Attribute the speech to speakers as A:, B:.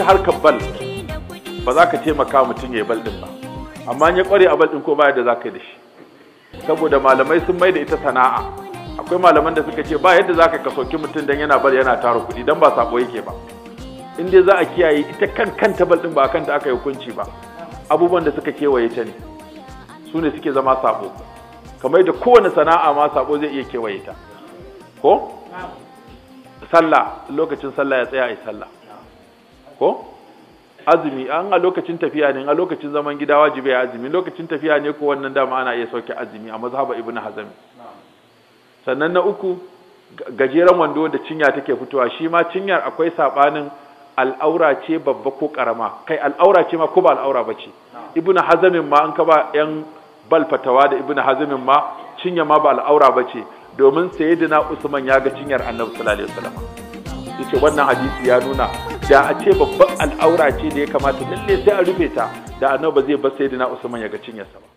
A: ta harkar bal ba za ka taimaka mutum ya bal din ba amma ya kware a bal din ko baya da za ka yi da shi saboda malamai sun mai da ita sana'a akwai malaman da suka ce ba yadda za ka kasoki mutum dan yana bal yana tara kuɗi dan ba sako yake ba in dai za a kiyaye ita kan kanta bal din ba kanta aka yi hukunci ba abubuwan da suka kewaye ta ne su ne suke zama sabo kamar da kowane sana'a ma sabo zai iya kewaye ta ko sallah lokacin sallah ya tsaya a yi sallah ko azumi an a lokacin tafiya ne a lokacin zaman gida wajibi azumi lokacin tafiya ne ko wannan dama ana iya sauke azumi a mazhaba ibn hazm sannan na uku gajeren wando da cinya take fitowa shi ma cinyar akwai sabanin al'aura ce babba ko karama kai al'aura ce ma ko ba al'aura ba ce hazm ma an ba yan bal fatawa da ibn hazm ma cinya ma ba al'aura ba ce domin sayyidina usman ya ga cinyar annabi sallallahu alaihi wasallam yace wannan hadisi ya nuna da a ce babban al'aura ce da ya kamata lalle sai a rufe ta da annoba ba zai bar sayyidina Usman ya ga cinyarsa ba